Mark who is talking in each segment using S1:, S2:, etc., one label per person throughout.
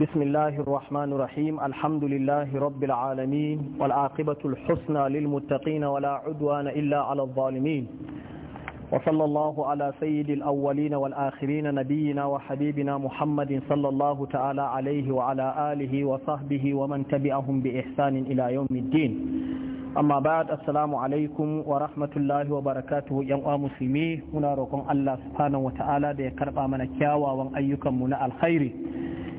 S1: بسم الله الرحمن الرحيم الحمد لله رب العالمين والعاقبة الحسنى للمتقين ولا عدوان إلا على الظالمين وصلى الله على سيد الأولين والآخرين نبينا وحبيبنا محمد صلى الله تعالى عليه وعلى آله وصحبه ومن تبعهم بإحسان إلى يوم الدين أما بعد السلام عليكم ورحمة الله وبركاته يوم مسلمي هنا الله سبحانه وتعالى Allah subhanahu wa ta'ala أيكم ya الخير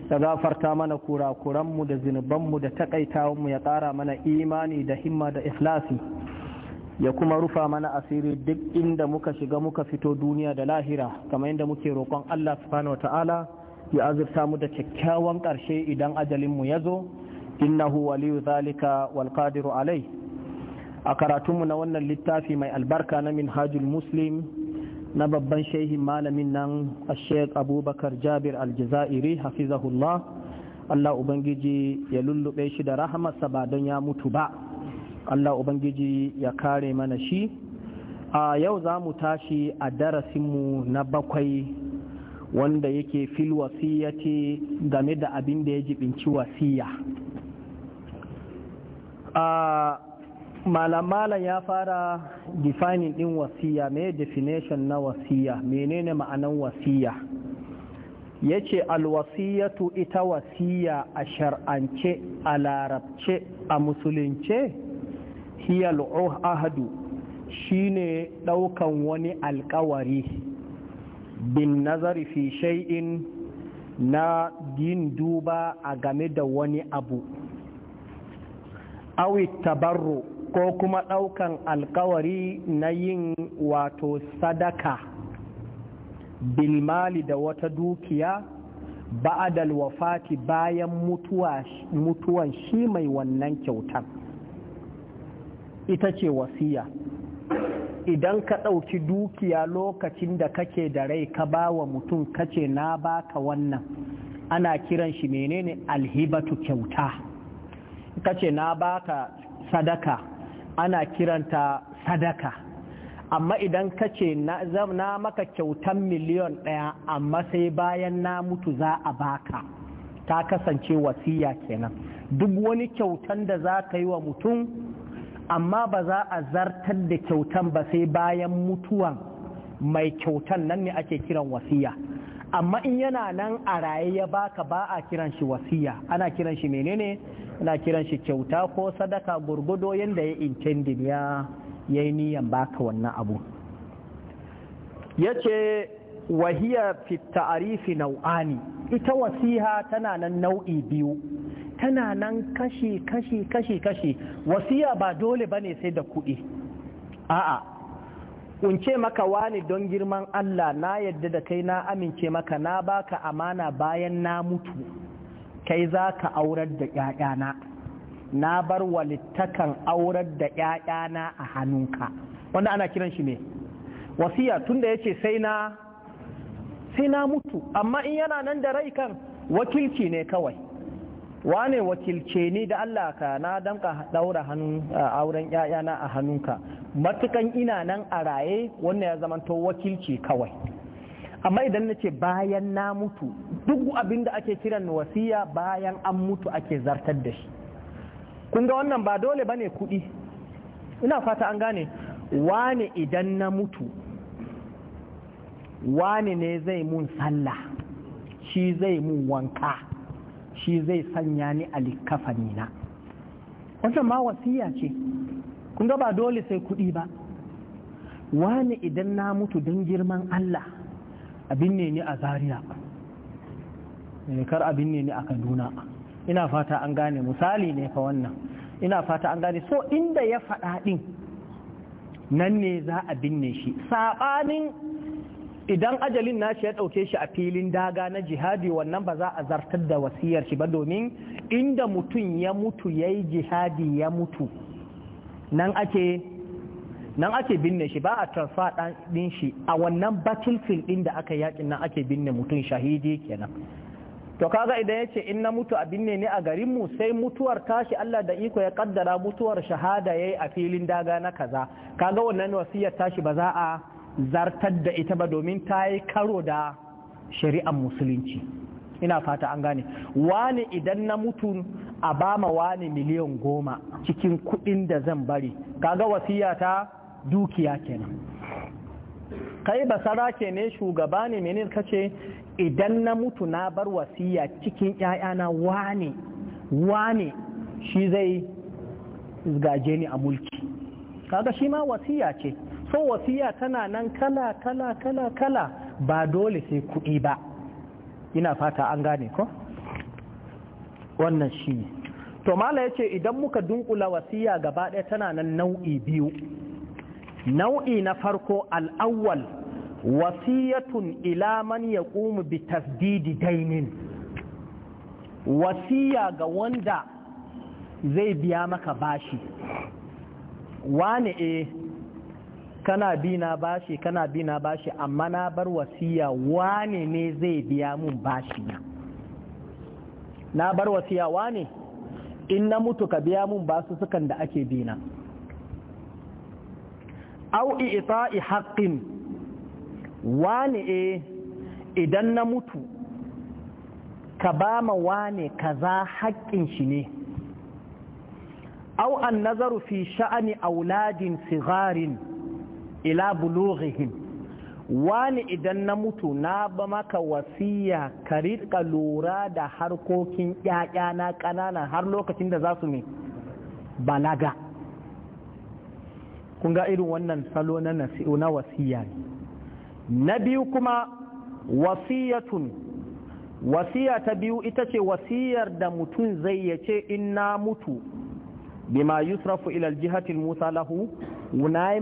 S1: ya gafarta mana kurakuranmu da zunubanmu da takaitawanmu ya ƙara mana imani da himma da ikhlasi ya kuma rufa mana asiri duk inda muka shiga muka fito duniya da lahira kamar yadda muke roƙon Allah subhanahu wata'ala ya azurta mu da kyakkyawan ƙarshe idan ajalinmu ya zo innahu waliyu zalika wal qadiru alai a karatunmu na wannan littafi mai albarka na minhajul muslim na babban shehin malamin nan a sheik abubakar jabir aljazairi hafizahullah Allah Ubangiji ya lullube shi da rahamarsa ba don ya mutu ba Allah Ubangiji ya kare mana shi a yau za mu tashi a darasinmu na bakwai wanda yake fil wasiyyati game da abin da ya jibinci wasiya Malamala ya fara defining din wasiya me definition na wasiya menene ma'anan wasiya ya ce alwasiyatu ita wasiya a shar'ance a larabce a musulunce hiyal ahadu shine daukan wani alkawari bin nazari fi shay'in na yin duba a game da wani abu awi tabarru ko kuma ɗaukan alkawari na yin wato sadaka bilmali da wata dukiya ba'adal wafati bayan mutuwan shi mai wannan kyautar ita ce wasiya idan ka ɗauki dukiya lokacin da kake da rai ka ba wa mutum kace na baka wannan ana kiran shi menene alhibatu kyauta kace na baka sadaka ana kiranta sadaka amma idan ka ce na maka kyautan miliyon ɗaya amma sai bayan na mutu za a baka ta kasance wasiya kenan duk wani kyautan da za ka yi wa mutum amma ba za a zartar da kyautan ba sai bayan mutuwan mai kyautan nan ne ake kiran wasiya amma in yana nan a raye ya baka ba a kiran shi wasiya ana kiran shi menene ana kiran shi kyauta ko sadaka gurgudo yadda ya intendin ya yi niyan baka wannan abu ya ce wahiya fi ta'arifi nau'ani ita wasiha tana nan nau'i biyu tana nan kashi kashi kashi kashi wasiya ba dole bane sai da kuɗi a'a kunce maka wani don girman Allah na yadda da kai na amince maka na baka amana bayan na mutu kai za ka aurar da ‘ya'yana na bar walittakan aurar da ‘ya'yana a hannunka wanda ana kiran shi ne wasiya tunda ya ce sai na na mutu amma in yana nan da rai kan wakilci ne kawai wane wakilce ni da Allah ka na damka daura hannun auren ‘ya'yana a hannunka matukan ina nan a raye wannan ya zamanto wakilci kawai amma idan na ce bayan na mutu duk abin da ake kiran wasiya bayan an mutu ake zartar da shi kun ga wannan ba dole bane kuɗi ina fata an gane wane idan na mutu wane ne zai mun sallah shi zai mun wanka shi zai sanya ni a likkafanina wannan ma wasiya ce kun ga ba dole sai kuɗi ba wani idan na mutu don girman Allah abin ne ni a Zariya, eh, kar abin ne ni a kaduna ina fata an gane misali ne fa wannan ina fata an gane so inda ya faɗa ɗin nan ne za a binne shi saɓanin idan ajalin nashi ya ɗauke shi a filin daga na jihadi wannan ba za a zartar da wasiyar shi ba domin inda mutum ya mutu ya yi jihadi ya mutu nan ake nan ake binne shi ba a tarfa dan din shi a wannan battlefield ɗin da aka yakin nan ake binne mutum shahidi kenan to kaga idan yace in na mutu a binne ne a garin mu sai mutuwar tashi Allah da iko ya kaddara mutuwar shahada yayi a filin daga na kaza kaga wannan wasiyar tashi ba za a zartar da ita ba domin ta yi karo da shari'ar musulunci ina fata an gane wani idan na mutu a ba ma wani miliyan goma cikin kuɗin da zan bari kaga wasiyata dukiya kenan kai sara ke ne shugaba ne menene kace idan na mutu na bar wasiya cikin ‘ya'yana wani wani shi zai gaje ni a mulki kaga shi ma wasiya ce so wasiya tana nan kala kala kala kala ba dole sai kuɗi ba ina fata an gane ko? wannan shi ne to mala ya ce idan muka dunkula wasiya gaba ɗaya tana nan nau'i biyu nau'i na farko al'awwal wasiyatun ila man ya bi tasdidi dainin wasiya ga wanda zai biya maka bashi wane e kana bina bashi kana bina bashi amma na bar wasiya wane ne zai biya mun bashi na na bar wasiyawa ne in na mutu ka biya mun basu sukan da ake bina au i'ta'i haqqin wani e idan na mutu ka ba ma wane kaza haƙƙin shi ne au an nazaru fi sha'ani auladin sigarin ila bulughihim wani idan na mutu na ba maka wasiya ka riƙa lura da harkokin ƴaƴa na ƙanana har lokacin da za su ne balaga kun irin wannan salo na na wasiya ne na biyu kuma wasiyatun wasiya ta biyu ita ce wasiyar da mutum zai yace in na mutu bima yusrafu ilal jihatil musa lahu na yi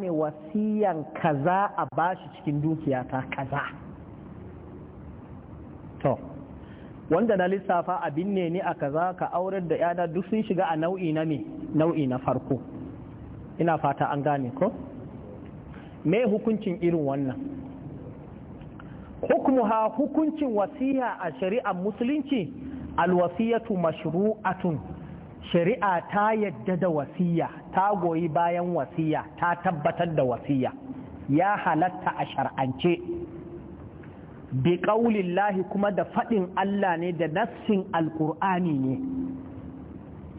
S1: ne wasiyan kaza a bashi cikin dukiyata kaza to wanda na lissafa abin ne ni a kaza ka aurar da 'yana duk sun shiga a nau'i na me nau'i na farko ina fata an gane ko me hukuncin irin wannan hukumuha hukuncin wasiya a shari'ar musulunci alwasiyatu mashru'atun shari'a ta yadda da wasiya ta goyi bayan wasiya ta tabbatar da wasiya ya halatta a shar'ance bi ƙaulillahi kuma da faɗin Allah ne da nassin alƙur'ani ne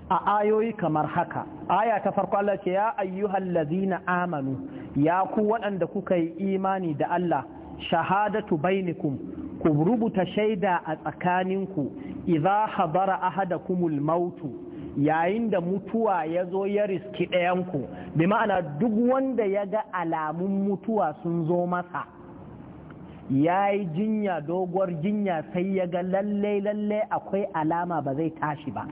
S1: a ayoyi kamar haka aya ta farko Allah ce ya ayyuhan lazina amanu ya ku waɗanda kuka yi imani da Allah shahadatu bainikum ku rubuta shaida a tsakaninku idza hadara ahadakumul mautu yayin da mutuwa ya zo ya riski ɗayanku bi ma'ana duk wanda ya ga alamun mutuwa sun zo masa ya yi jinya doguwar jinya sai ya ga lallai lalle akwai alama ba zai tashi ba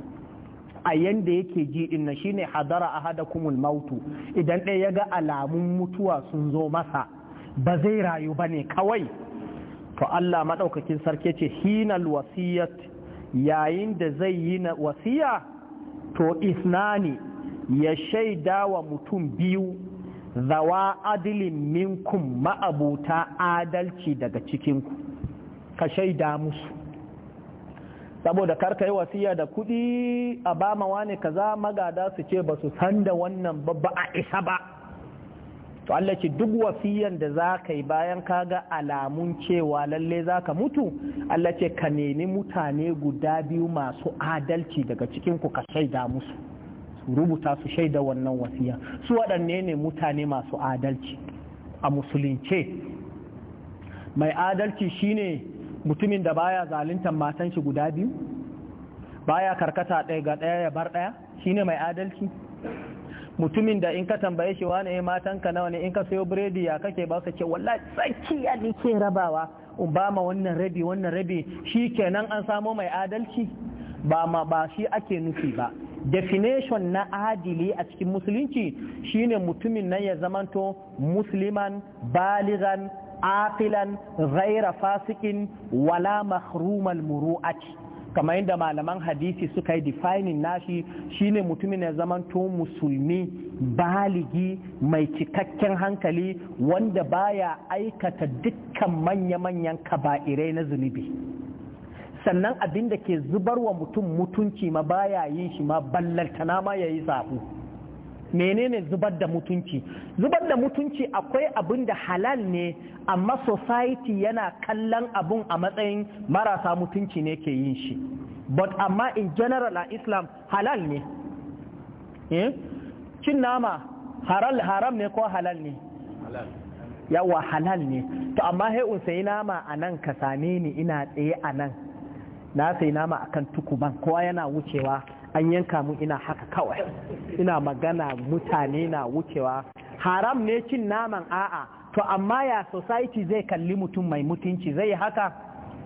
S1: a yanda yake ji din na shine hadara a hada kumul mautu idan ɗaya ya ga alamun mutuwa sun zo masa ba zai rayu ba ne kawai to Allah maɗaukakin sarki ce hinal wasiyat yayin da zai yi na wasiya to isnani ya shaidawa mutum biyu zawa adilin minkum ma'abuta adalci daga cikinku ka shaida musu saboda kar ka yi wasiya da kuɗi a bama wane kaza magada su ce ba su san da wannan babba a isa ba to Allah ce duk wasiyan da za ka yi bayan ka ga alamun cewa lalle za ka mutu Allah ce ka nemi mutane guda biyu masu adalci daga cikin ku ka shaida musu rubuta su shaida wannan wasiya su waɗanne ne mutane masu adalci a musulunce mai adalci shine mutumin da baya zaluntar matan shi guda biyu baya karkata ɗaya ga ɗaya ya bar ɗaya shine mai adalci mutumin da in ka tambaye shi wane matanka nawa ne in ka sayo biredi ya kake ba ka ce wallahi tsakiya nake rabawa in ba ma wannan rabi wannan rabi kenan an samo mai adalci ba ma ba shi ake nufi ba definition na adili a cikin musulunci shine mutumin nan ya zamanto musliman baligan aqilan ghaira fasikin wala mahrumal muru'ati kamar yadda malaman hadisi suka yi defining nashi shine mutumin ya zamanto musulmi baligi mai cikakken hankali wanda baya aikata dukkan manya-manyan kaba'irai na zunubi sannan abin da ke zubarwa mutum mutunci ma baya yi shi ma ballantana ma ya yi zaɓu menene zubar da mutunci zubar da mutunci akwai abin da halal ne amma society yana kallon abun a matsayin marasa mutunci ne ke yin shi but amma in general a islam halal ne eh? cin nama haram ne ko halal ne yawa halal ne to amma sai nama a nan ka same ni ina tsaye a nan na sayi nama akan tukuban kowa yana wucewa an yanka mu ina haka kawai ina magana mutane na wucewa haram ne cin naman a'a to amma ya society zai kalli mutum mai mutunci zai yi haka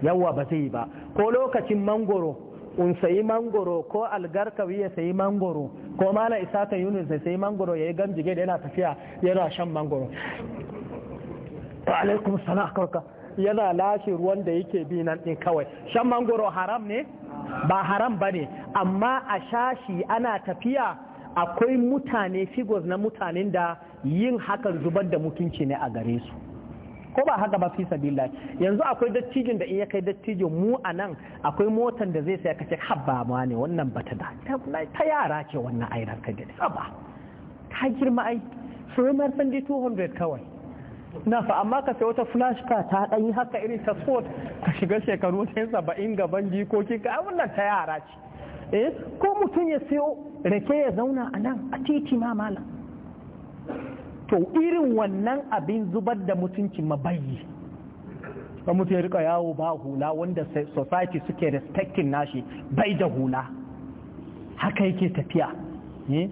S1: yawa ba zai ba ko lokacin mangoro un sayi mangoro ko algarkawi ya sayi mangoro ko mala isaka yunus ya sayi mangoro ya yi gamjige da yana tafiya yana shan mangoro alaikum salam yana lashe ruwan da yake bi nan ɗin kawai shan mangoro haram ne ba haram ba ne amma a shashi ana tafiya akwai mutane figures na mutanen da yin hakan zubar da mutunci ne a gare su ko ba haka ba fi sabilillah yanzu akwai dattijin da in ya kai dattijin mu a nan akwai motan da zai saya kace habba ma ne wannan bata da ta yara ce wannan airan ka gani ta girma ai sai mar 200 kawai na fa amma ka sai wata flash ka ta dan yi haka irin ta sport ka shiga shekaru 70 gaban jikoki ka wannan ta yara ce eh ko mutum ya siyo rake ya zauna a nan a titi ma mala to irin wannan abin zubar da mutunci mabayi ba mutum ya rika yawo ba hula wanda society suke respecting nashi bai da hula haka yake tafiya eh?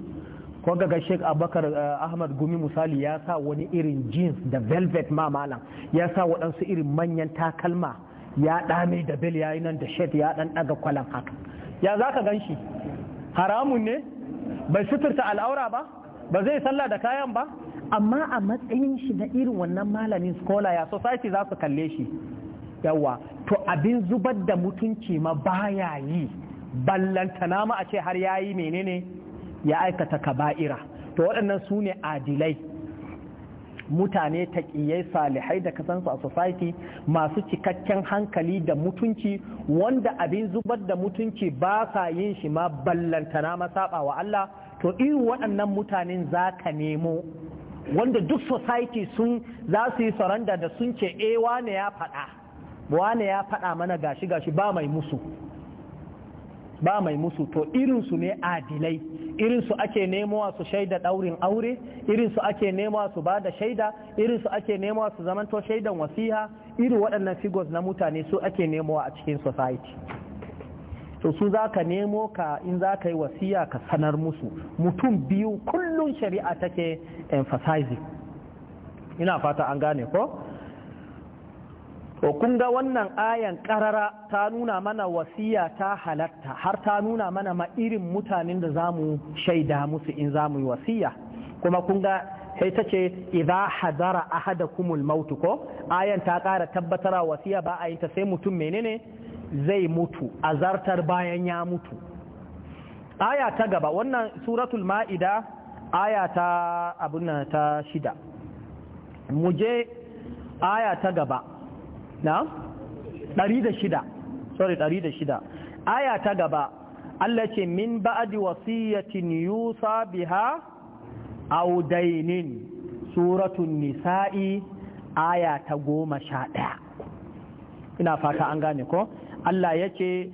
S1: ko ga Sheikh Abubakar eh, Ahmad Gumi misali ya sa wani irin jeans da velvet ma malam ya sa waɗansu irin manyan takalma ya ɗame da bel ya yi nan da shed ya ɗan ɗaga kwalan haka ya za ka gan shi haramun ne bai suturta al'aura ba ba zai sallah da kayan ba amma a matsayin shi na irin wannan malamin skola ya society za su kalle shi yawa to abin zubar da mutunci ma baya yi ballantana ma a ce har ya yi menene ya aikata kaba'ira to waɗannan su ne adilai mutane taƙiyai salihai da kasansu a society masu cikakken hankali da mutunci wanda abin zubar da mutunci ba sa yin shi ma ballantana masaɓa wa Allah to irin waɗannan mutanen za ka nemo wanda duk society sun za su yi saranda da sun ce e wane ya faɗa wane ya faɗa mana gashi gashi ba mai musu ba mai musu to irinsu ne adilai irinsu ake nemowa su shaida daurin aure irinsu ake nemowa su ba da shaida irinsu ake nemowa su zamanto shaidan wasiha irin waɗannan figures na mutane su ake nemowa a cikin society to su zaka nemo ka in za ka yi wasiya ka sanar musu mutum biyu kullum shari'a take emphasizing ina fata an gane ko to kun ga wannan ayan karara ta nuna mana wasiya ta halatta har ta nuna mana ma irin mutanen da za mu shaida musu in za mu yi wasiya kuma kun ga sai ta ce idza hadara ahadakumul maut ko ayan ta kara tabbatara wasiya ba a ta sai mutum menene zai mutu azartar bayan ya mutu aya ta gaba wannan suratul ma'ida aya ta ta shida mu je aya ta gaba na? ɗari da shida sorry ɗari aya ta gaba Allah ce min ba'adi wasiyatin yusa biha audainin suratun nisa'i aya ta goma sha ɗaya ina fata an gane ko Allah ya ce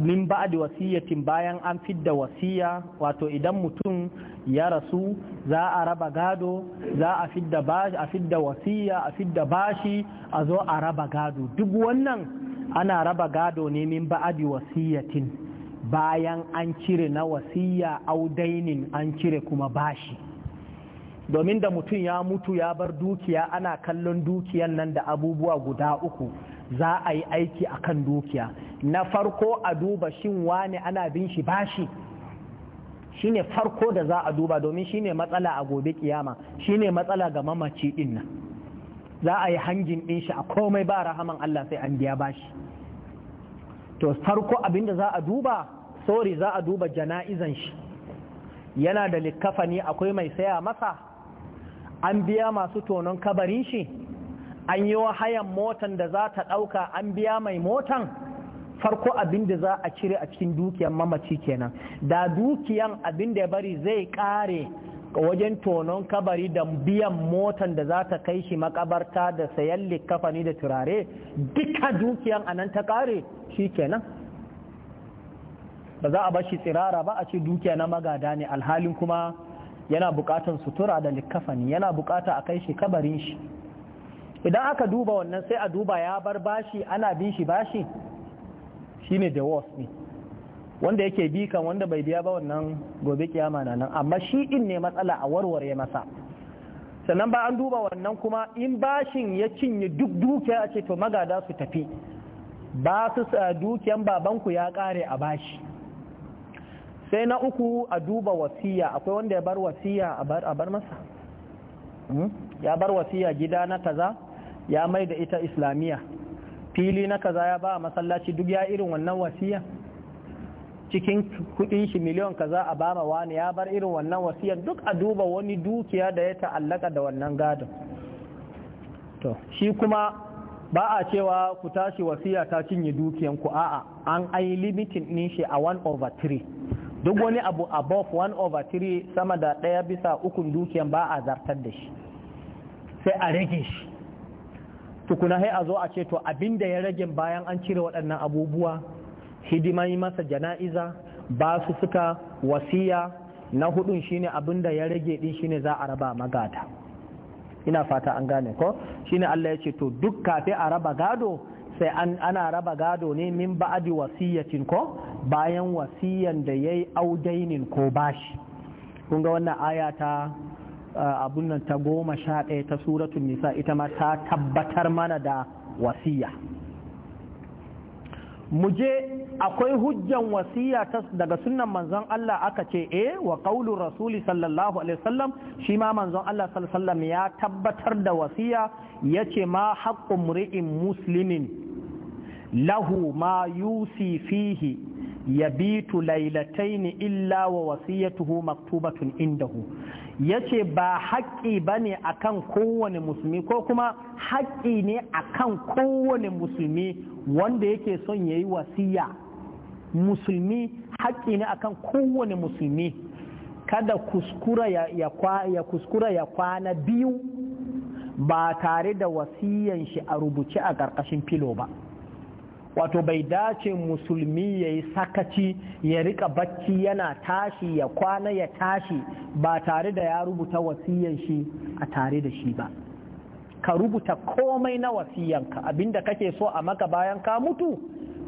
S1: min ba'adi wasiyatin bayan an fidda wasiya wato idan mutum ya rasu za a raba gado za a fidda bashi a fidda wasiya a fidda bashi a zo a raba gado duk wannan ana raba gado ne min ba'adi wasiyatin bayan an cire na wasiya audainin an cire kuma bashi domin da mutum ya mutu ya bar dukiya ana kallon dukiyan nan da abubuwa guda uku za a yi aiki akan dukiya na farko a duba shin wane ana bin shi bashi shine farko da za a duba domin shine matsala a gobe kiyama shine matsala ga mamaci din nan za a yi hanjin din shi a komai ba rahaman Allah sai an biya bashi to farko abin da za a duba sorry za a duba jana'izan shi yana da likkafani akwai mai saya masa an biya masu tonon kabarin shi an yi wa hayan motan da za ta ɗauka an biya mai motan farko abin da za a cire a cikin dukiyar mamaci kenan da dukiyan abin da ya bari zai kare wajen tonon kabari da biyan motan da za ta kai shi makabarta da sayan likafani da turare duka dukiyan a nan ta kare shi kenan ba za a bashi tsirara ba a ce dukiya na magada ne alhalin kuma yana bukatan sutura da likafani yana bukata a kai shi kabarin shi idan aka duba wannan sai a duba ya bar bashi ana bin shi bashi shine the worst ne wanda yake bi kan wanda bai biya ba wannan gobe kiyama na nan amma shi din ne matsala a warware masa sannan ba an duba wannan kuma in bashin ya cinye duk dukiya ce to magada su tafi ba su eh, dukiyan babanku ya kare a bashi sai na uku a duba wasiya akwai wanda ya bar wasiya a bar masa hmm? ya bar wasiya gida na kaza ya mai da ita islamiyya fili na kaza ya ba a masallaci duk ya irin wannan wasiya cikin kudin shi miliyon kaza a ba wani ya bar irin wannan wasiya duk a duba wani dukiya da ya ta'allaka da wannan gadon to shi kuma ba a cewa ku tashi wasiya ta cinye dukiyan ku a'a an ai limitin din shi a 1 over 3 duk wani abu above 1 over 3 sama da ɗaya bisa ukun dukiyan ba a zartar da shi sai a rage shi tukuna sai a zo a ce to abin da ya rage bayan an cire waɗannan abubuwa hidimai masa jana'iza ba su suka wasiya na hudun shine abin da ya rage din shine za a raba magada ina fata an gane ko shine Allah ya ce to duk kafe a raba gado sai ana raba gado ne min ba'adi wasiyacin ko bayan wasiyan da yayi audainin ko bashi kun ga wannan aya ta abun nan ta goma sha ɗaya ta suratun nisa ita ma ta tabbatar mana da wasiya muje akwai hujjan wasiya daga sunan manzon Allah aka ce eh wa qaulu rasuli sallallahu alaihi wasallam shi ma manzon Allah sallallahu alaihi wasallam ya tabbatar da wasiya yace ma haqqu mri'in muslimin lahu ma yusi fihi yabitu lailataini illa wa wasiyatuhu maktubatun indahu yace ba haƙƙi a akan kowane musulmi ko kuma haƙƙi ne kan kowane musulmi wanda yake son yayi wasiya musulmi haƙƙi ne akan kowane musulmi kada kuskura ya, kuskura ya kwana biyu ba tare da wasiyan shi a rubuce a ƙarƙashin filo ba wato bai dace musulmi ya yi sakaci ya rika bacci yana tashi ya kwana ya tashi ba tare da ya rubuta wasiyan shi a tare da shi ba ka rubuta komai na wasiyanka abinda kake so a maka bayan ka mutu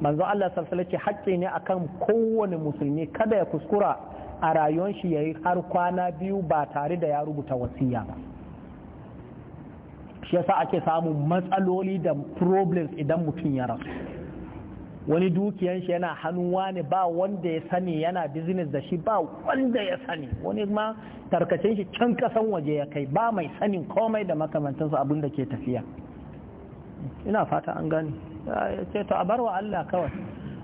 S1: manzo Allah sallallahu alaihi ne akan kowane musulmi kada ya kuskura a rayuwar shi yayi har kwana biyu ba tare da ya rubuta wasiya ba shi yasa ake samun matsaloli da problems idan mutum ya rasu wani dukiyan shi yana hannuwa ne ba wanda ya sani yana business da shi ba wanda ya sani wani ma tarkacin shi can kasan waje ya kai ba mai sanin komai da makamantansu abin da ke tafiya ina fata an gani ce to a bar wa Allah kawai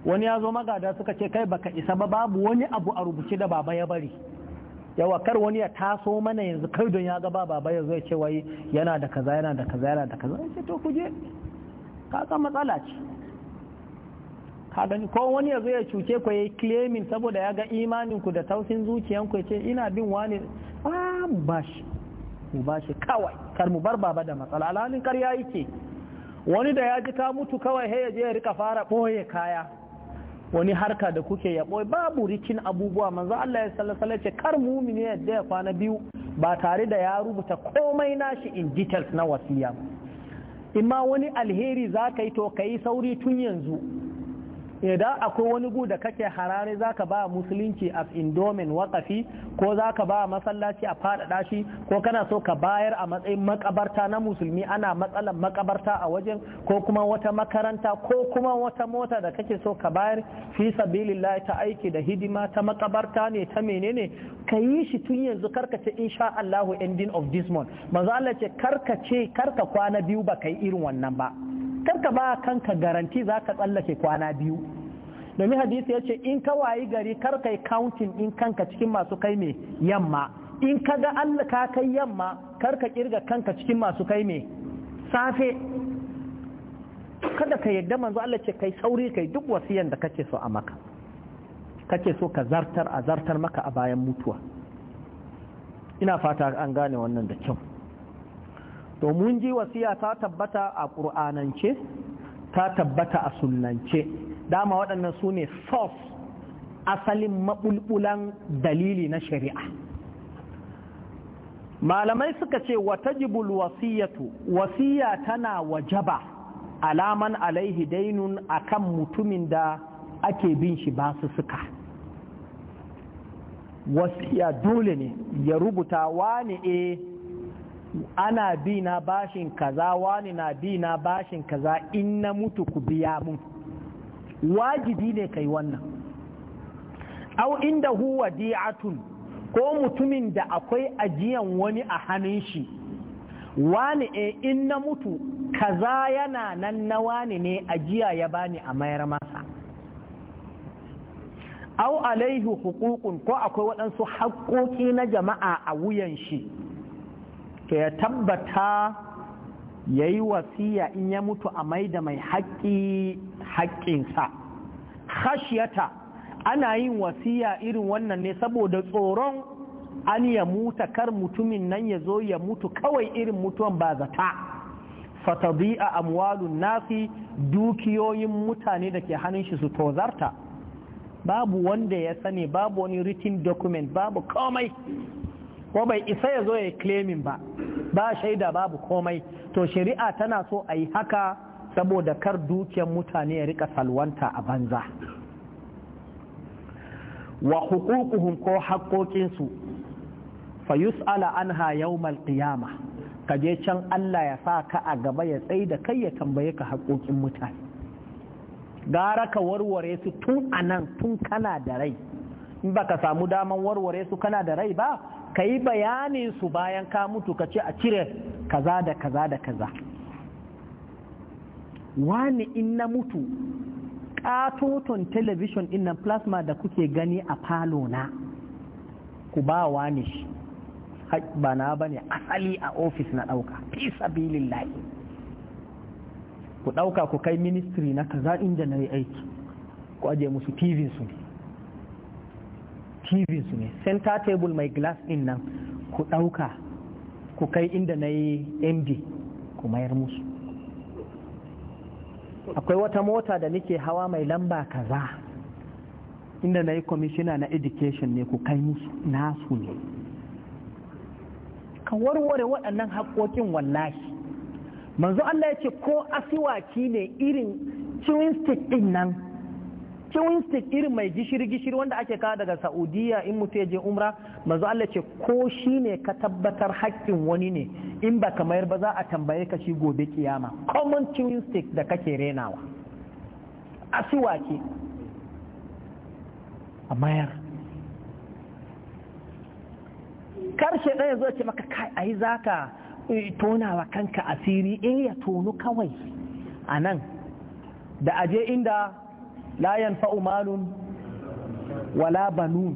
S1: wani ya zo magada suka ce kai baka isa ba babu wani abu a rubuce da baba ya bari yawa kar wani ya taso mana yanzu kai don ya ga ba baba ya zo ya ce wai yana da kaza yana da kaza yana da kaza ce to kuje ka matsala ce kadan ko wani ya zo ya cuce ku yayi claiming saboda ya ga imanin ku da tausin zuciyan ku ce ina bin wani ah mu bashi mu bashi kawai kar mu bar baba da matsala alhalin karya yake wani da ya ji ta mutu kawai he ya je ya rika fara boye kaya wani harka da kuke ya boye babu rikin abubuwa manzo Allah ya sallallahu alaihi ce kar mu'mini yadda ya kwana biyu ba tare da ya rubuta komai nashi in details na wasiya imma wani alheri za ka yi to ka yi sauri tun yanzu idan akwai wani gu da kake harare zaka ba musulunci a indomin wakafi ko zaka ba masallaci a faɗaɗa shi ko kana so ka bayar a matsayin makabarta na musulmi ana matsalar makabarta a wajen ko kuma wata makaranta ko kuma wata mota da kake so ka bayar fi sabilillah ta aiki da hidima ta makabarta ne ta menene ka yi shi tun yanzu karkace insha Allahu ending of this month manzo Allah ce karkace karka kwana biyu ba yi irin wannan ba Kar ka ba kanka garanti za ka tsallake kwana biyu domin hadisi ya ce in ka wayi gari kar kai kauntin in kanka cikin masu kai mai yamma in ka ga Allah ka kai yamma kar ka kirga kanka cikin masu kai mai safe kada ka yadda manzo Allah ce kai sauri kai duk wasiyan da kake so a maka kake so ka zartar a zartar maka a bayan mutuwa ina fata an gane wannan da kyau to mun ji wasiya ta tabbata a ƙur'anance ta tabbata a sunnance dama waɗannan su ne source asalin maɓulɓulan dalili na shari'a malamai suka ce wata jibul wasiyatu wasiya tana wajaba alaman alaihi dainun akan mutumin da ake bin shi ba su suka wasiya dole ne ya rubuta wane eh ana bi na bashin kaza wani na bi na bashin kaza in na mutu ku biya mun wajibi ne kai wannan au inda huwa di'atun ko mutumin da akwai ajiyan wani a hannun shi wani e in na mutu kaza yana nan na wani ne ajiya ya bani a mayar masa au alaihi hukukun ko akwai waɗansu haƙoƙi na jama'a a wuyan shi to ya tabbata ya yi wasiya in ya mutu a mai da mai haƙƙi haƙƙinsa khashiyata ana yin wasiya irin wannan ne saboda tsoron an ya muta kar mutumin nan ya zo ya mutu kawai irin mutuwan ba zata fatadi'a amwalun nasi dukiyoyin mutane da ke hannun shi su tozarta babu wanda ya sani babu wani written document babu komai ko bai isa ya zo ya claiming ba ba shaida babu komai to shari'a tana so a yi haka saboda kar dukiyar mutane ya rika salwanta a banza wa hukukuhum ko haƙoƙinsu fa yus'ala anha yawmal qiyama kaje can Allah ya sa ka a gaba ya tsaye da kai ya tambaye ka haƙoƙin mutane gara ka warware su tun anan tun kana da rai in baka samu daman warware su kana da rai ba ka yi bayanin su bayan ka mutu ka ce a cire kaza da kaza da kaza wani in na mutu katoton television din nan plasma da kuke gani a falo na ku ba wani shi ba na ba ne asali a ofis na ɗauka fi sabilillahi ku ɗauka ku kai ministry na kaza inda na yi aiki ku aje musu tv su ne tv su ne center table mai glass din nan ku ɗauka ku kai inda na yi md ku mayar musu akwai wata mota da nake hawa mai lamba kaza inda na yi commissioner na education ne ku kai musu nasu ne ka warware waɗannan haƙoƙin wallahi manzo Allah ya ce ko asiwaki ne irin chewing stick din nan stick irin mai gishiri-gishiri wanda ake kawo daga saudiya in mutu ya je umra manzo Allah ce ko shi ne ka tabbatar haƙƙin wani ne in ba mayar ba za a tambaye ka shi gobe kiyama common chewing stick da kake renawa asuwaki a mayar karshe ɗaya zo ce maka kai ai za ka eh, tonawa kanka asiri eh ya tonu kawai a nan da aje inda la yanfa'u malun wala banun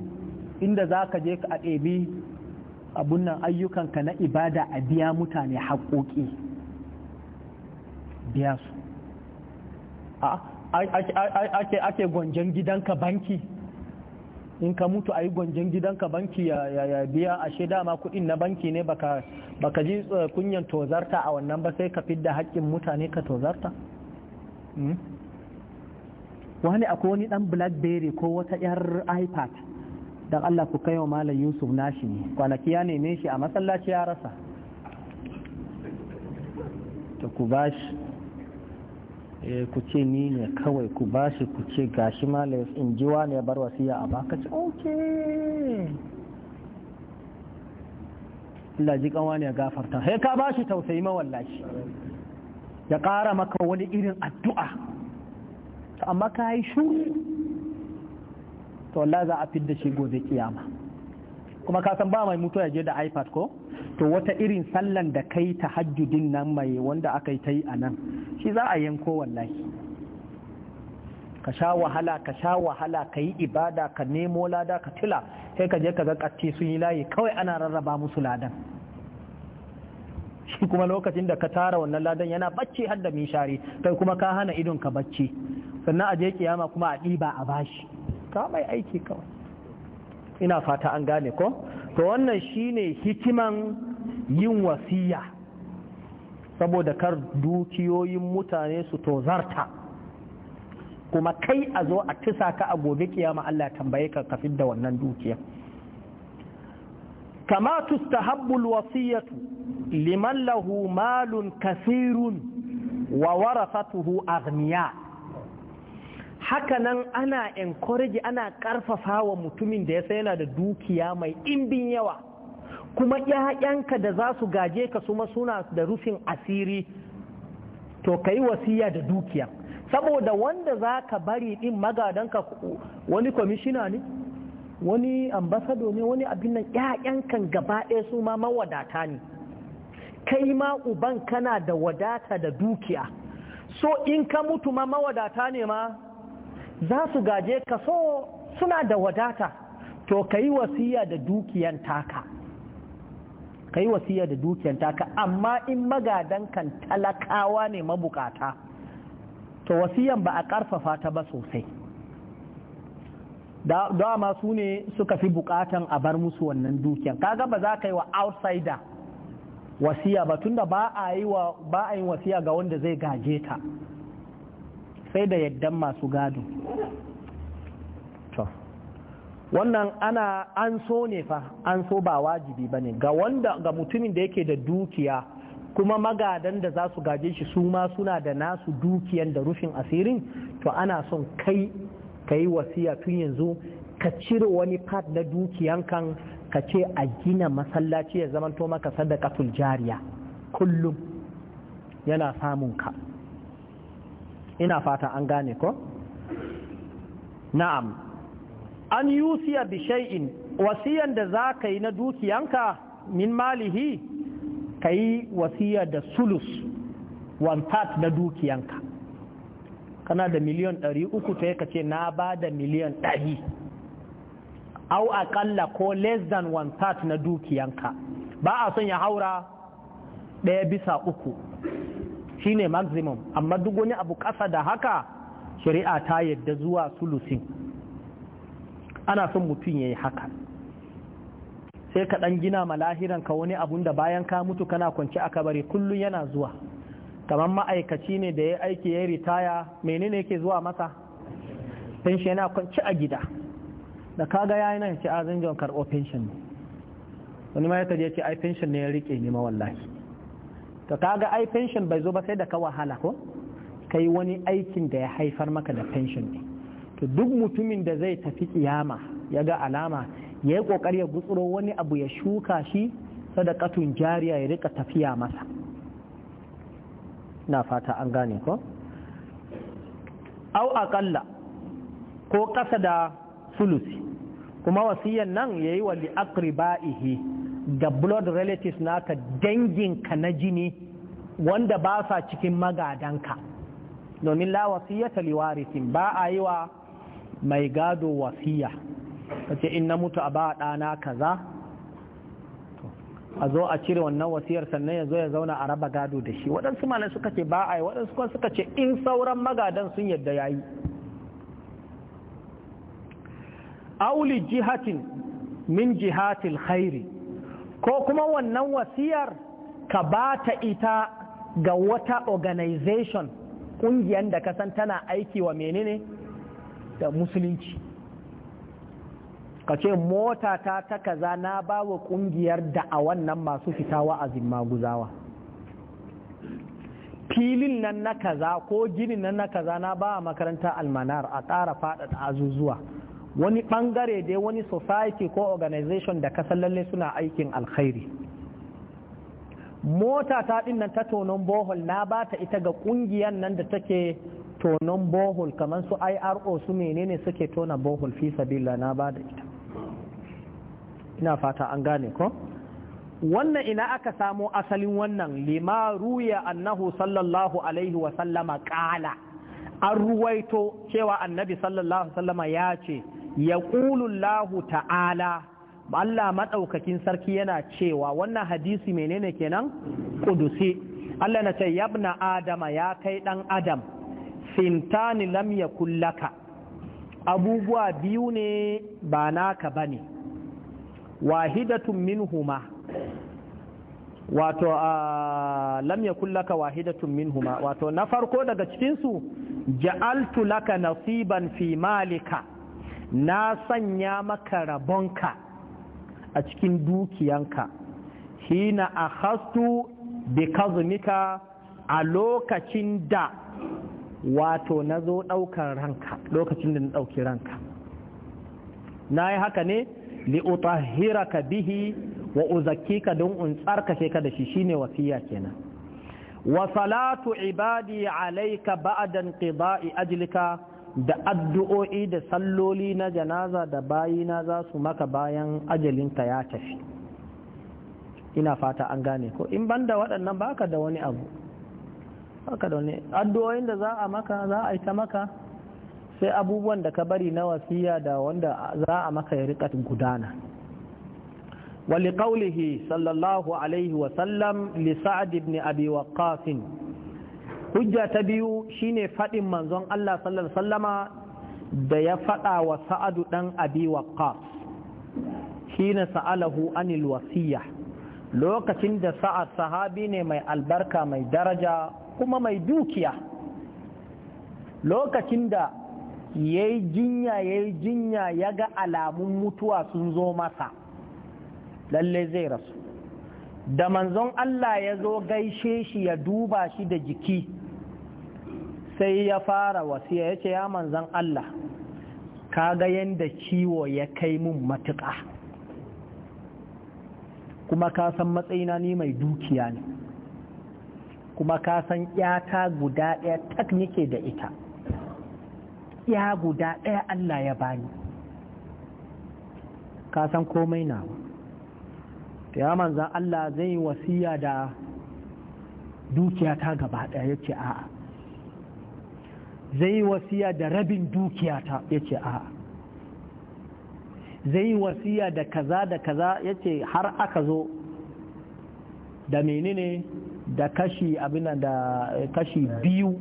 S1: inda zaka je ka ɗebi abun nan ayyukanka na ibada a biya mutane haƙoƙi biya su ake gwanjan gidanka banki in ka mutu a yi gwanjan gidanka banki ya biya ashe ma kuɗin na banki ne baka ji eh, kunyan tozarta a wannan ba sai ka fidda haƙƙin mutane ka tozarta hmm? wani akwai wani dan blackberry ko wata yar ipad dan Allah ku kai wa malam Yusuf nashi ne kwanaki ya neme shi a masallaci ya rasa to ku bashi eh ku ce ni ne kawai ku bashi ku ce gashi malam in ji wani ya bar wasiya a baka ce okay Allah ji kanwa ne ya gafarta He ka bashi tausayi ma wallahi ya ƙara maka wani irin addu'a to amma ka yi to Allah za a fidda shi gobe kiyama kuma ka san ba mai mutu ya je da ipad ko to wata irin sallan da kai tahajjudin nan mai wanda aka yi ta yi a nan shi za a yanko wallahi ka sha wahala ka sha wahala ka yi ibada ka nemo lada ka tila sai ka je ka ga katti sun yi layi kawai ana rarraba musu ladan shi kuma lokacin da ka tara wannan ladan yana bacci har da mishari kai kuma ka hana idon ka bacci sannan a je kiyama kuma a ɗiba a bashi ka mai aiki kawai ina fata an gane ko to wannan shine hikiman yin wasiya saboda kar dukiyoyin mutane su tozarta kuma kai a zo a tisa ka a gobe kiyama Allah tambaye ka kafin da wannan dukiya kama tustahabbul wasiyatu liman lahu malun kasirun wa warathatuhu aghniya haka nan ana encourage ana karfafa wa mutumin da ya sai yana da dukiya mai imbin yawa kuma ‘ya'yanka da za su gaje ka su suna da rufin asiri to ka yi wasiya da dukiya saboda wanda za ka bari ɗin magadanka wani kwamishina ne wani ambasado ne wani abin nan ‘ya'yankan gaba ɗaya su ma mawadata ne kai ma uban kana da wadata da dukiya so in ka mutu ma mawadata ne ma za su gaje ka so suna da wadata to ka yi wasiya da dukiyan taka ka yi wasiya da dukiyan taka amma in magadan kan talakawa ne mabukata to wasiyan ba a ƙarfafa ta ba sosai dama su ne suka fi bukatan a bar musu wannan dukiyan kaga ba za ka yi wa outsider wasiya ba tunda ba a yi wasiya ga wanda zai gaje ta sai da yaddan masu gado wannan ana an so ne fa an so ba wajibi ba ne ga wanda ga mutumin da yake da dukiya kuma magadan da za su gaje shi su ma suna da nasu dukiyan da rufin asirin to ana son kai ka yi wasiya tun yanzu ka cire wani part na dukiyan kan ka ce a gina masallaci ya zamanto maka sadaka jariya kullum yana samun ka ina fata an gane ko na'am an yusiya bi shay'in wasiyan da za ka yi na dukiyanka min malihi ka yi wasiya da sulus one part na dukiyanka kana da miliyan ɗari uku ta ka ce na ba da miliyan ɗari au akalla ko less than one part na dukiyanka ba a son ya haura ɗaya bisa uku shine maximum amma duk wani abu ƙasa da haka shari'a ta yadda zuwa sulusin ana son mutum ya yi haka sai ka ɗan gina malahiran ka wani abun da bayan ka mutu kana kwanci a kabari kullum yana zuwa kamar ma'aikaci ne da ya aiki ya ritaya menene yake zuwa masa pension yana kwanci a gida da kaga ya yi nan ce a ah, zanjon karɓo pension ne wani ma ya ce ai pension ne ya rike ne ma wallahi to kaga ai pension bai zo ba sai da ka wahala ko kai wani aikin da ya haifar maka da pension ne to duk mutumin da zai tafi kiyama ya ga alama ya yi kokari ya gutsuro wani abu ya shuka shi sadakatun jariya ya rika tafiya masa na fata an gane ko au aqalla ko ƙasa da sulusi kuma wasiyan nan ya yi wa li'akriba'ihi da blood relatives naka danginka na jini wanda ba sa cikin magadanka domin la wasiyata liwarisin ba a yi wa mai gado wasiya kace in na mutu a ba ɗana kaza a zo a cire wannan wasiyar sannan ya zo ya zauna a raba gado da shi waɗansu malai suka ce ba a yi waɗansu kuma suka ce in sauran magadan sun yadda ya yi auli jihatin min jihatil khairi ko kuma wannan wasiyar ka ba ta ita ga wata organization ƙungiyar da ka san tana aiki wa menene da musulunci ka ce mota ta ta kaza na ba wa ƙungiyar a wannan masu fita wa'azin maguzawa filin nan na kaza ko ginin nan na kaza na ba makaranta almanar a ƙara faɗaɗa azuzuwa wani bangare dai wani society ko organization da kasan lalle suna aikin alkhairi mota ta dinnan ta tonon bohol na ba ta ita ga kungiyar nan da take tonon bohol kamar su iro su menene suke tona bohol fi sabila na ba da ita ina fata an gane ko wannan ina aka samo asalin wannan lima ruya annahu sallallahu alaihi wa sallama kala an ruwaito cewa annabi sallallahu alaihi wa sallama ya ce ya ƙulullahu ta'ala Allah maɗaukakin sarki yana cewa wannan hadisi menene kenan ƙudusi Allah na ce yabna adama ya kai ɗan adam Fintani lam ya kullaka abubuwa biyu ne ba naka ne wahidatun minhuma wato a lam ya kullaka wahidatun minhuma wato na farko daga cikinsu ja'altu laka nasiban fi malika na sanya maka rabonka a cikin dukiyanka hina a hastu da a lokacin da wato na zo ɗaukar ranka lokacin da na ɗauki ranka na yi haka ne ka bihi wa ka don in tsarkake ka da shi shine wasiya kenan wa salatu ibadi alaika ba'adan qida'i ajlika da addu'o'i da salloli na janaza da bayina za su maka bayan ajalinka ya tafi ina fata an gane ko in banda waɗannan baka da wani abu baka da wani addu'o'in da za a maka za a ita maka sai abubuwan da ka bari na wasiya da wanda za a maka ya rika gudana wali ƙaulihi sallallahu alaihi wa sallam li sa'ad ibn abi waqqas hujja ta biyu shine fadin manzon Allah sallallahu sallama da ya fada wa sa'adu Dan abi waqqas shine sa'alahu anil wasiya lokacin da sa'ad sahabi ne mai albarka mai daraja kuma mai dukiya lokacin da yayi jinya yayi jinya ya ga alamun mutuwa sun zo masa lalle zai rasu da manzon Allah ya zo gaishe shi ya duba shi da jiki sai ya fara wasiya ya ce ya manzan Allah kaga yadda ciwo ya kai mun matuƙa kuma ka san matsayina ni mai dukiya ne kuma ka san ƴata guda ɗaya tak nike da ita ya guda ɗaya Allah ya bani ka san komai nawa ya manzan Allah zai wasiya da dukiya ta gaba ɗaya ya ce a'a zai yi wasiya da rabin dukiyata ya ce a zai yi wasiya da kaza da kaza ya ce har aka zo da menene da kashi abin da eh, kashi biyu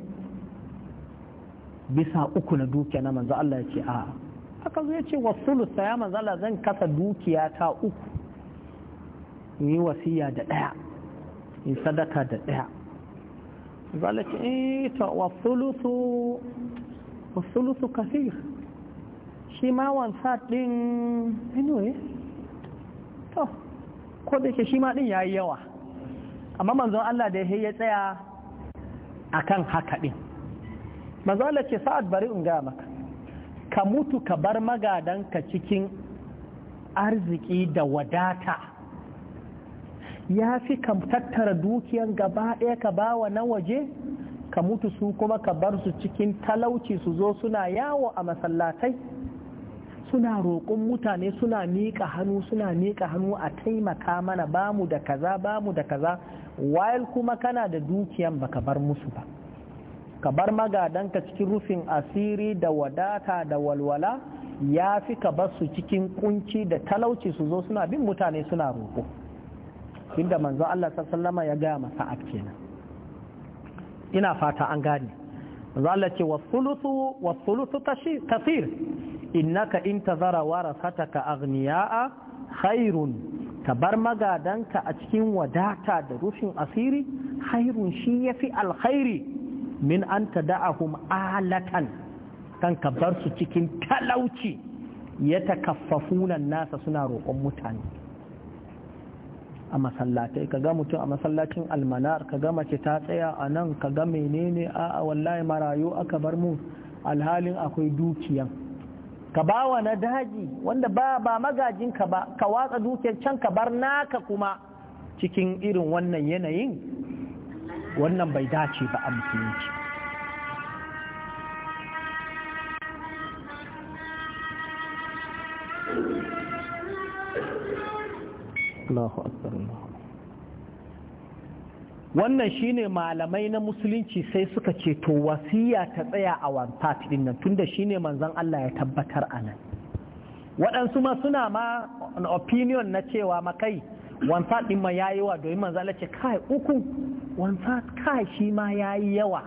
S1: bisa uku na dukiya na manzo Allah ya ce a aka zo ya ce wasu ya manzo Allah zan kasa dukiya ta uku yi wasiya da ɗaya yi sadaka da ɗaya zala ce eh والثلث wa thuluthu wa thuluthu kathir shi ma wansa din ko da yake shi ma yayi yawa amma manzon Allah da ya tsaya akan haka ɗin. manzon Allah ce sa'ad bari in ga maka ka mutu ka bar magadanka cikin arziki da wadata ya fi ka tattara dukiyan gaba ɗaya ka ba wa na waje ka mutu su kuma ka bar su cikin talauci su zo suna yawo a masallatai suna roƙon mutane suna miƙa hannu suna miƙa hannu a taimaka mana bamu da kaza bamu da kaza wayal kuma kana da dukiyan ba ka bar musu ba ka bar magadanka cikin rufin asiri da wadata da walwala ya fi ka bar su cikin kunci da talauci su zo suna bin mutane suna roƙo tunda manzo Allah sallama ya gaya masa a kenan ina fata an gane manzo Allah ce wasulusu wasulusu tasir innaka in tazara warasataka aghniya'a khairun ka bar magadanka a cikin wadata da rufin asiri khairun shi yafi alkhairi min an tada'ahum alatan kan ka bar su cikin talauci ya takaffafuna nasa suna roƙon mutane a masallatai ka ga mutum a masallacin almanar ka ga mace ta tsaya a nan ka ga menene a wallahi marayu aka bar mu alhalin akwai dukiyan ka ba wa na daji wanda ba ba magajin ka ba ka watsa dukiyar can ka bar naka kuma cikin irin wannan yanayin wannan bai dace ba a musulunci
S2: Allahu akbar
S1: wannan shine malamai na musulunci sai suka ce to wasiya ta tsaya a one part din nan tunda shine manzon Allah ya tabbatar a nan waɗansu ma suna ma opinion na cewa makai one part din ma yayi wa domin manzon Allah ce kai uku one kai shi ma yayi yawa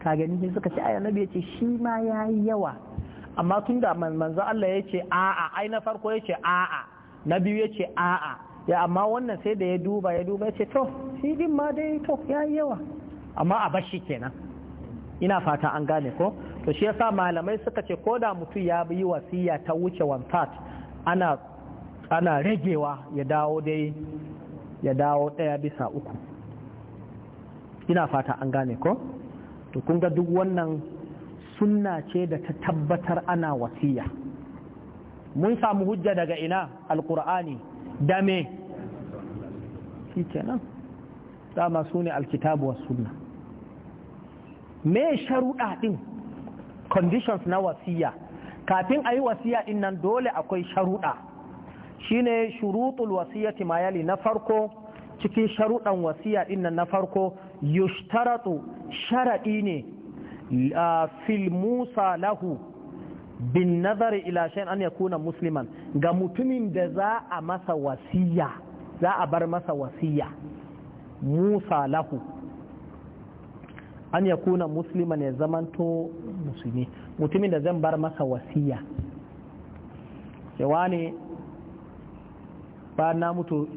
S1: ka gani sai suka ce ai annabi ya ce shi ma yayi yawa amma tunda manzon Allah ya ce a'a ai na farko ya ce a'a na biyu ya ce a'a ya amma wannan sai da ya duba ya duba ya ce to shi din ma dai to ya yi yawa amma a bashi kenan ina fata an gane ko to shi yasa malamai suka ce ko da mutum ya yi wasiya ta wuce one part ana ana ragewa ya dawo dai ya dawo ɗaya bisa uku ina fata an gane ko to kun ga duk wannan sunna ce da ta tabbatar ana wasiya mun samu hujja daga ina alkur'ani da me shi kenan dama su ne alkitabu wa suna. me sharuɗa ɗin conditions na wasiya kafin a yi wasiya ɗin nan dole akwai sharuɗa Shi ne shuruɗul wasiyati timayali na farko cikin sharuɗan wasiya ɗin nan na farko yushtaratu sharaɗi ne a ah, filmusa lahu bin nazari ila shayin an yakuna musliman ga mutumin da za a masa wasiya za a bar masa wasiya musa lahu an yakuna musliman ya zamanto musulmi mutumin da zan bar masa wasiya cewa ne ba na mutu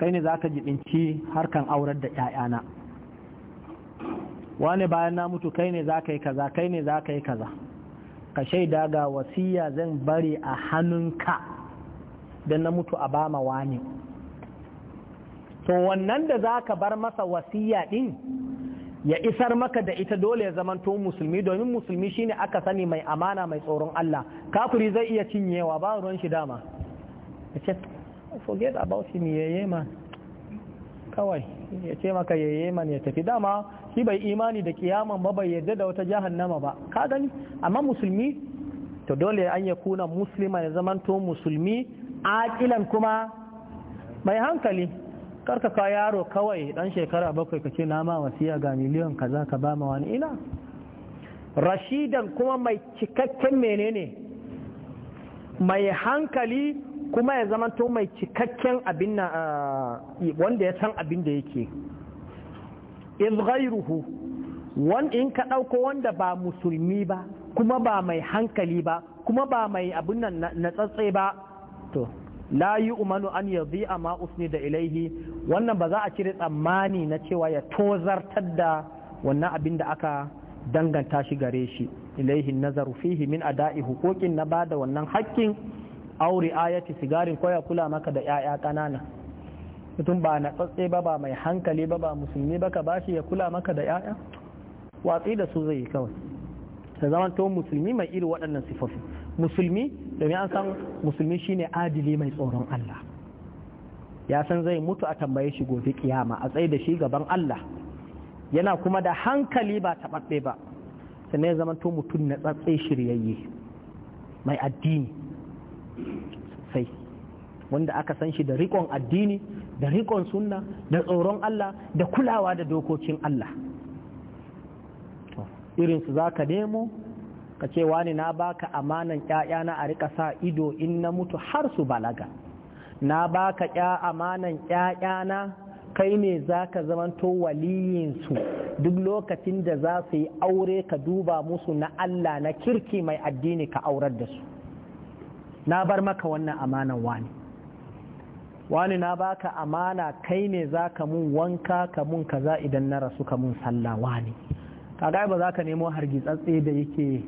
S1: kai ne za ka jibinci harkan aurar da 'ya'yana wani bayan na mutu kai ne za ka yi kaza kai ne za ka yi kaza ka shaida ga wasiya zan bari a hannunka don na mutu a bama wani to wannan da za ka bar masa wasiya ɗin ya isar maka da ita dole ya zamanto musulmi domin musulmi shine aka sani mai amana mai tsoron Allah kafuri zai iya cinyewa ba ruwan shi dama ya ce forget about him yayye man kawai ya ce maka yayye man ya tafi dama shi bai imani da kiyaman ba bai yarda da wata jahannama ba ka gani amma musulmi to dole an ya kuna muslima ya to musulmi kilan kuma mai hankali karka ka yaro kawai dan shekara bakwai ka ce na wasiya ga miliyan kaza ka ba ma wani ina rashidan kuma mai cikakken menene mai hankali kuma ya zama to mai cikakken abin ah, wanda ya san abin da yake in ghairuhu wan in ka ɗauko wanda ba musulmi ba kuma ba mai hankali ba kuma ba mai abin nan na tsatse ba to la yi umanu an yazi a ma'usni da ilaihi wannan ba za a cire tsammani na cewa ya tozartar da wannan abin da aka danganta shi gare shi ilaihi nazaru fihi min ada'i hukokin na ba da wannan hakkin auri ayati sigarin ko ya kula maka da 'ya'ya ƙanana mutum ba na tsatse ba ba mai hankali ba ba musulmi ba ka bashi ya kula maka da yaya watsi da su zai yi kawai ta zama to musulmi mai iri waɗannan sifofi musulmi domin an san musulmi shine adili mai tsoron Allah ya san zai mutu a tambaye shi gobe kiyama a tsaye da shi gaban Allah yana kuma da hankali ba taɓaɓɓe ba sannan ya zama to mutum na tsatse shiryayye mai addini sai wanda aka san shi da riƙon addini da riƙon sunna da tsoron Allah da kulawa da dokokin Allah irinsu za ka nemo ka ce wani na baka amanan ƴaƴana a rika sa ido in na mutu har su balaga na baka ƴa amanan ƴaƴana kai ne za ka zamanto su duk lokacin da za su yi aure ka duba musu na Allah na kirki mai addini ka aurar da su na bar maka wannan amanan wani wani na baka amana kai ne za ka mun wanka ka mun kaza idan na rasu ka mun sallah wani kaga ba za ka nemo hargitsatse da yake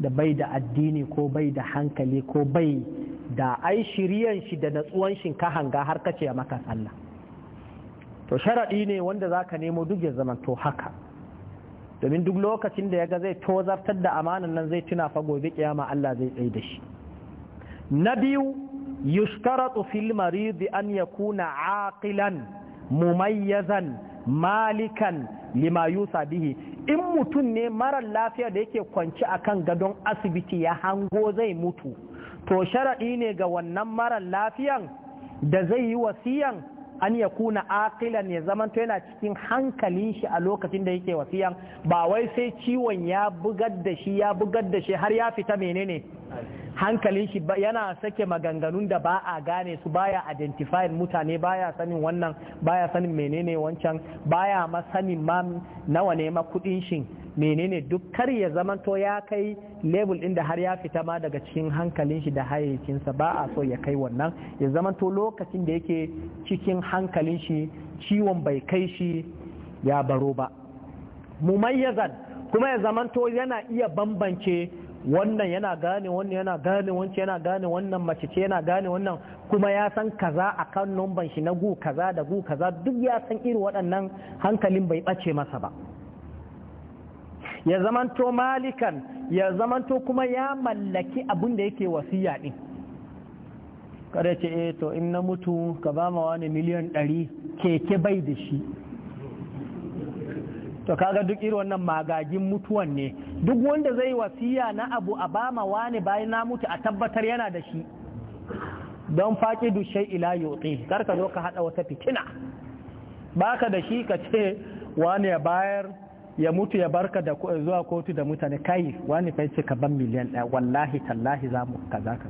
S1: da bai da addini ko bai da hankali ko bai da ai shiriyan shi da natsuwan shi ka hanga har ce ya maka sallah to sharaɗi ne wanda za ka nemo duk ya zamanto haka domin duk lokacin da yaga zai tozartar da amanan nan zai tuna fa gobe kiyama Allah zai tsaye da shi na biyu yushtaratu fil maridi an kuna aqilan mumayyazan malikan lima yusa in mutum ne marar lafiya da yake kwanci kan gadon asibiti ya hango zai mutu to sharaɗi ne ga wannan marar lafiyan da zai yi wasiyan an ya kuna aqilan ya zamanto yana cikin hankalin shi a lokacin da yake wasiyan ba wai sai ciwon ya bugar da shi ya bugar da shi har ya fita menene hankalin shi yana sake maganganun da ba a gane su baya identifying mutane baya sanin wannan baya sanin menene wancan baya ma sanin ma nawa ne ma kudin shi menene duk kar ya zamanto ya kai lebul inda har ya fita ma daga cikin hankalin shi da hayyacinsa ba a so ya kai wannan ya zamanto lokacin da yake cikin hankalin shi ciwon bai kai shi ya baro ba mumayyazan kuma ya zamanto yana iya bambance wannan yana gane wannan yana gane wancan yana gane wannan mace ce yana gane wannan kuma ya san kaza a kan numban shi na gu kaza da gu kaza duk ya san irin waɗannan hankalin bai ɓace masa ba ya zamanto malikan ya zamanto kuma ya mallaki abin da yake wasiya din kada ce eh to in na mutu ka ba ma wani miliyan ɗari keke bai da shi to kaga duk irin wannan magagin mutuwan ne duk wanda zai wasiya na abu a ba ma wani bayan na mutu a tabbatar yana da shi don faƙi dushai ila yuqi kar ka zo ka hada wata fitina baka da shi ka ce wani ya bayar ya mutu ya barka da zuwa kotu da mutane kai wani fai ce ka ban miliyan ɗaya wallahi tallahi za mu kaza ka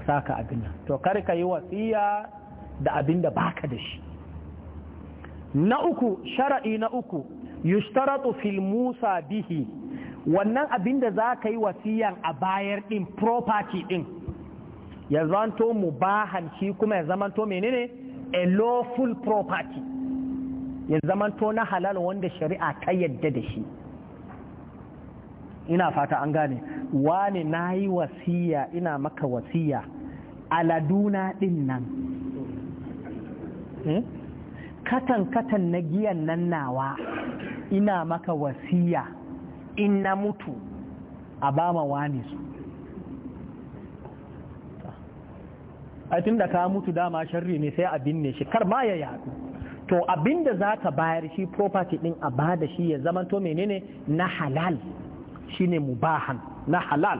S1: a sa ka abin nan to kar ka yi wasiya da abin da baka da shi na uku shara'i na uku yustaratu fil musa bihi wannan abin da za ka yi wasiyan a bayar din property din ya zanto mubahan shi kuma ya zamanto menene a lawful property ya zamanto na halal wanda shari'a ta yadda da shi ina fata an gane wani na yi wasiya ina maka wasiya aladuna din nan katan-katan hmm? na giyan nan nawa ina maka wasiya in na mutu a bama wani su a tun da ka mutu dama sharri ne sai a binne shi kar ma ya yadu to abinda za ka bayar shi property din a ba da shi ya zama to menene na halal shi shine mubahan na halal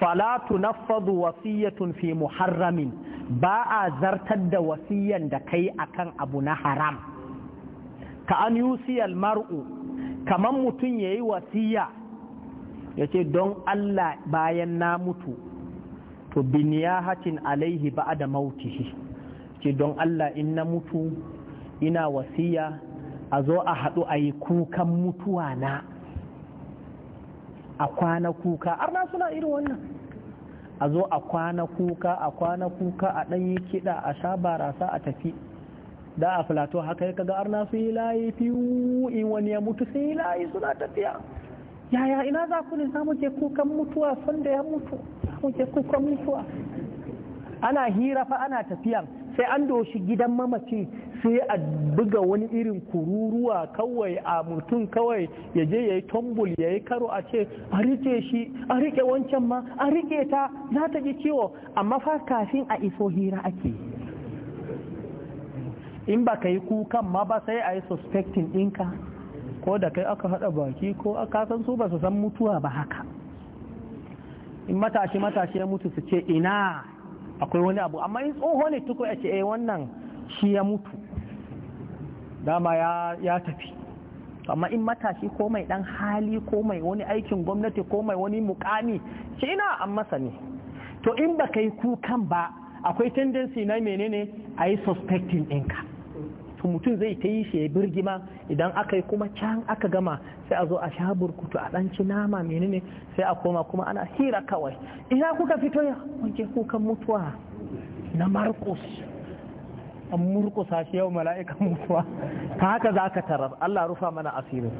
S1: fala tunaffadhu wasiyatun fi muharramin ba a zartar da wasiyan da kai akan abu na haram ka an yusiyal mar'u kaman mutum yayi wasiya yace don Allah bayan na mutu to biniyahatin alaihi ba'da mautihi ce don Allah in na mutu ina wasiya a zo a haɗu a yi kukan mutuwa na a kwana kuka har na suna irin wannan a zo a kwana kuka a kwana kuka a ɗan yi kiɗa a sha barasa a tafi da a filato haka ya kaga arna su yi layi fiyu in wani ya mutu sun yi layi suna tafiya yaya ina za ku ne za mu je kukan mutuwa sanda ya mutu za mu je kukan mutuwa ana hira fa ana tafiyan sai an doshi gidan mamaci sai a buga wani irin kururuwa kawai a mutum kawai ya je ya yi tombul ya yi karo a ce a rike shi a rike wancan ma a rike ta za ta ji ciwo amma fa kafin a iso hira ake in ba ka yi kukan ma ba sai a yi suspecting ɗinka ko da kai aka haɗa baki ko aka san su ba su san mutuwa ba haka in matashi matashi ya mutu su ce ina akwai wani abu amma in tsoho ne tukur a ce eh, wannan shi ya mutu dama ya tafi amma in matashi ko mai dan hali ko mai wani aikin gwamnati ko mai wani mukami shi ina an masa ne to in baka yi kukan ba akwai tendensi na menene a yi suspecting ɗinka to mutum zai ta yi shi ya birgima idan aka yi kuma can aka gama sai a zo a sha burkutu a ɗanci nama menene sai a koma kuma ana hira kawai ina kuka fito ya wanke kukan mutuwa na markus an murkusa shi yau mala'ikan mutuwa ta haka za ka tarar Allah rufa mana asirin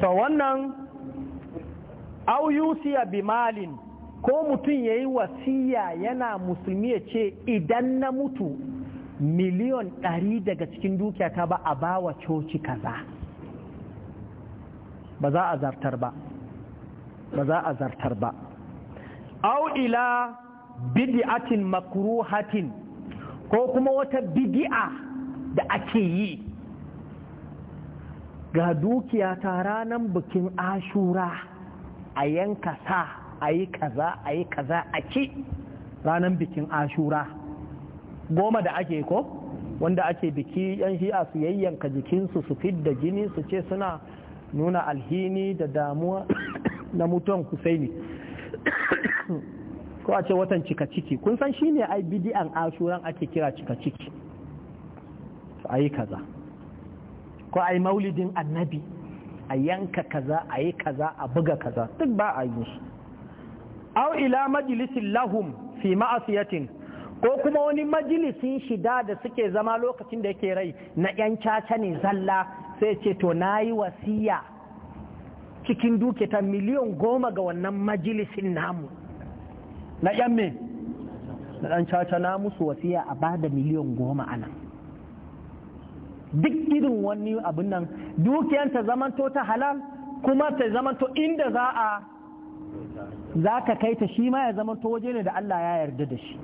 S1: to wannan au yusiya bi malin ko mutum ya yi wasiya yana musulmi ya ce idan na mutu miliyon ɗari daga cikin dukiya ta ba a bawa coci kaza ba za a zartar ba ba za a zartar ba au ila bid'atin makruhatin ko kuma wata bid'a da ake yi ga dukiya ta ranar bikin ashura a yanka sa a yi kaza a yi kaza a ci ranar bikin ashura goma da ake ko wanda ake biki yan shi'a su yayyanka jikinsu su fidda jini su ce suna nuna alhini da damuwa na mutuwan husaini ko a ce watan cika ciki kun san shi ne ai bidi'an ashuran ake kira cika ciki a yi kaza ko a yi maulidin annabi a yanka kaza a yi kaza a buga kaza duk ba a yi au ila majalisin lahum fi ma'asiyatin ko kuma wani majalisin shida da suke zama lokacin da yake rai na 'yan caca ne zalla sai ce to na yi wasiya cikin duke ta miliyan goma ga wannan majalisin namu na 'yan me na ɗan caca na musu wasiya a ba da miliyan goma ana duk irin wani abin nan dukiyan ta zamanto ta halal kuma ta zamanto inda za a za ka kai ta shi ma ya zamanto waje ne da Allah ya yarda da shi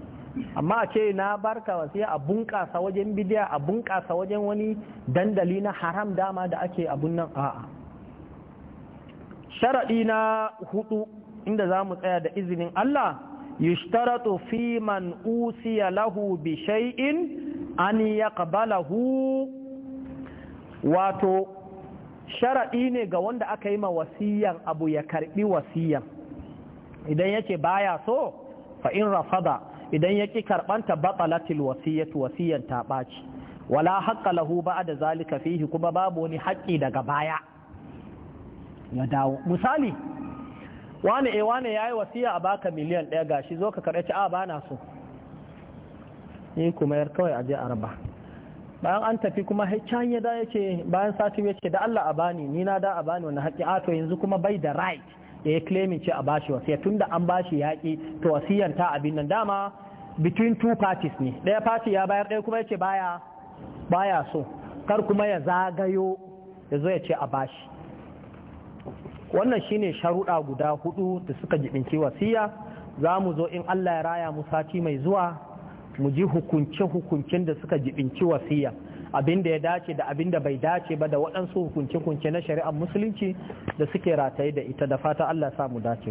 S1: amma a ce na barka wasiya a bunƙasa wajen bidiya a bunƙasa wajen wani dandali na haram dama da ake abun nan a'a sharaɗi na hudu inda za mu tsaya da izinin Allah yushtaratu fi man usiya lahu bi shay'in an yaqbalahu wato sharaɗi ne ga wanda aka yi ma wasiyan abu ya karɓi wasiyan idan yake baya so fa in rafada idan ya ƙi karɓanta batsalatil wasiyyatu wasiyyan ta ɓaci wala haƙƙa lahu da zalika fihi kuma babu wani haƙƙi daga baya ya dawo misali wane eh wane yayi wasiya a baka miliyan ɗaya gashi zo ka karɓi a bana so ni kuma yar kawai aje a raba bayan an tafi kuma haccan ya da yace bayan sati yace da Allah a bani ni na da a bani wani haƙƙi a to yanzu kuma bai da right da ya claiming ce a bashi wasiya tunda an bashi yaƙi to wasiyar ta abin nan dama between two parties ne ɗaya party ya bayar ɗaya kuma ya ce baya baya so kar kuma ya zagayo ya zo ya ce a bashi wannan shine sharuɗa guda hudu da suka jibinci wasiya za mu zo in Allah ya raya mu sati mai zuwa mu ji hukunce hukuncin da suka jibinci wasiya abin da ya dace da abin da bai dace ba da waɗansu hukunce-hukunce na shari'ar musulunci da suke rataye da ita da fata Allah samu dace